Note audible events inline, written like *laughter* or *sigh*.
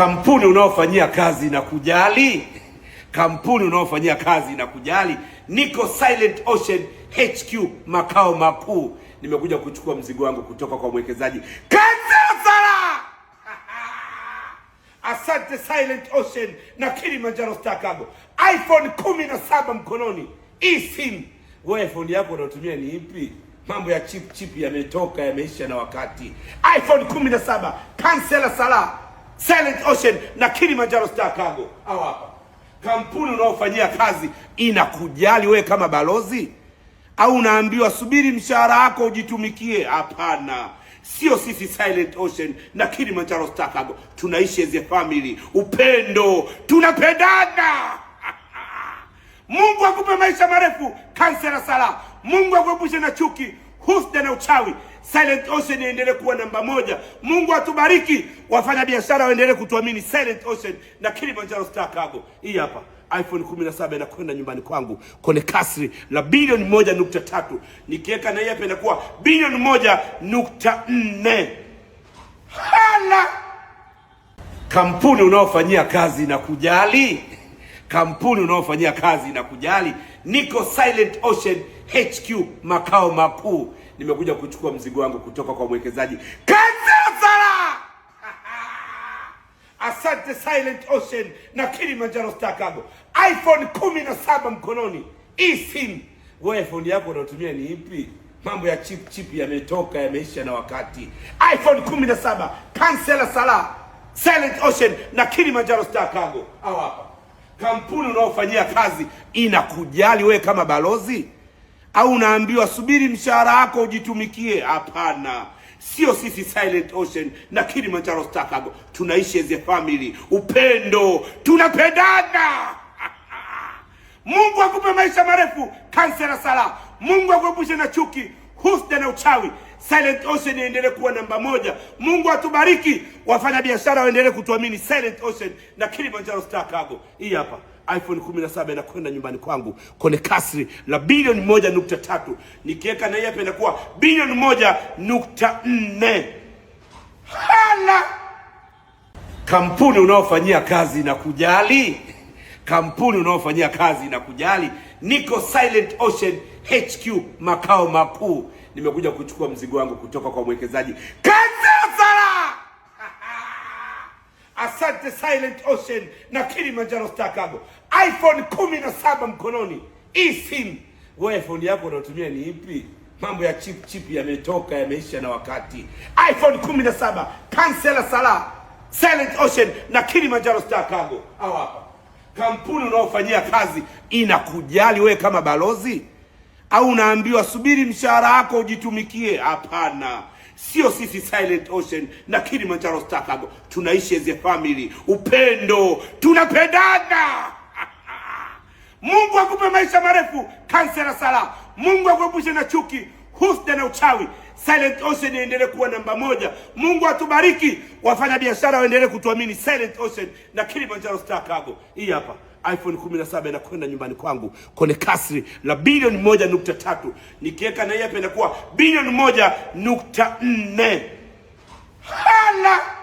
kampuni unaofanyia kazi inakujali, kampuni unaofanyia kazi inakujali. Niko Silent Ocean HQ, makao makuu. Nimekuja kuchukua mzigo wangu kutoka kwa mwekezaji Kansela. *laughs* Asante Silent Ocean na Kilimanjaro Star Cargo. iPhone kumi na saba mkononi, eSIM. Wewe iPhone yako unaotumia ni ipi? Mambo ya chip chip yametoka, yameisha na wakati. iPhone 17 na Kansela Silent Ocean na Kilimanjaro Star Cargo au hapa kampuni unaofanyia kazi inakujali wewe kama balozi au unaambiwa subiri mshahara wako ujitumikie? Hapana, sio sisi. Silent Ocean na Kilimanjaro Star Cargo tunaishi as a family, upendo, tunapendana. *laughs* Mungu akupe maisha marefu, kansela Sala. Mungu akuepushe na chuki, husda na uchawi. Silent Ocean iendelee kuwa namba moja. Mungu atubariki, wafanya biashara waendelee kutuamini Silent Ocean na Kilimanjaro Star Cargo. Hii hapa iPhone 17 inakwenda nyumbani kwangu kone kasri la bilioni moja nukta tatu nikiweka na hii hapa inakuwa bilioni moja nukta nne Hala, kampuni unaofanyia kazi na kujali kampuni unaofanyia kazi na kujali. Niko Silent Ocean HQ makao makuu nimekuja kuchukua mzigo wangu kutoka kwa mwekezaji. Kansala! *laughs* Asante Silent Ocean na Kilimanjaro Star Cargo. iPhone kumi na saba mkononi, eSIM. Wewe iPhone yako unaotumia ni ipi? Mambo ya chip chip yametoka, yameisha na wakati. iPhone saba Kansela Sala, Silent Ocean na Kilimanjaro Star Cargo. Au hapa kampuni unaofanyia kazi inakujali wewe kama balozi? au unaambiwa subiri mshahara wako ujitumikie. Hapana, sio sisi Silent Ocean na Kilimanjaro Stakago, tunaishi as a family, upendo, tunapendana. *laughs* Mungu akupe maisha marefu na Sala. Mungu akuepushe na chuki, husda na uchawi. Silent Ocean iendelee kuwa namba moja. Mungu atubariki, wafanya biashara waendelee kutuamini Silent Ocean na Kilimanjaro Stakago. Hii hapa iPhone 17 inakwenda nyumbani kwangu kwenye kasri la bilioni moja nukta tatu nikiweka na hapa inakuwa bilioni moja nukta nne Hala, kampuni unaofanyia kazi inakujali, kampuni unaofanyia kazi inakujali. Niko Silent Ocean HQ, makao makuu. Nimekuja kuchukua mzigo wangu kutoka kwa mwekezaji. asante Silent Ocean na Kilimanjaro Star Cargo. iPhone kumi na saba mkononi, eSIM. Wewe iPhone yako unaotumia ni ipi? Mambo ya chip chip yametoka, yameisha na wakati. iPhone kumi na saba kansela sala Silent Ocean na Kilimanjaro Star Cargo. Hapa kampuni unaofanyia kazi inakujali wewe kama balozi au unaambiwa subiri mshahara wako ujitumikie. Hapana, sio sisi Silent Ocean na Kilimanjaro Stakago, tunaishi as a family, upendo, tunapendana. *laughs* Mungu akupe maisha marefu, kansela Sala. Mungu akuepushe na chuki husda na uchawi. Silent Ocean iendelee kuwa namba moja. Mungu atubariki, wafanya biashara waendelee kutuamini Silent Ocean na Kilimanjaro Star Cargo. Hii hapa iPhone 17 inakwenda nyumbani kwangu kone kasri la bilioni moja nukta tatu nikiweka na hapa inakuwa bilioni moja nukta nne hala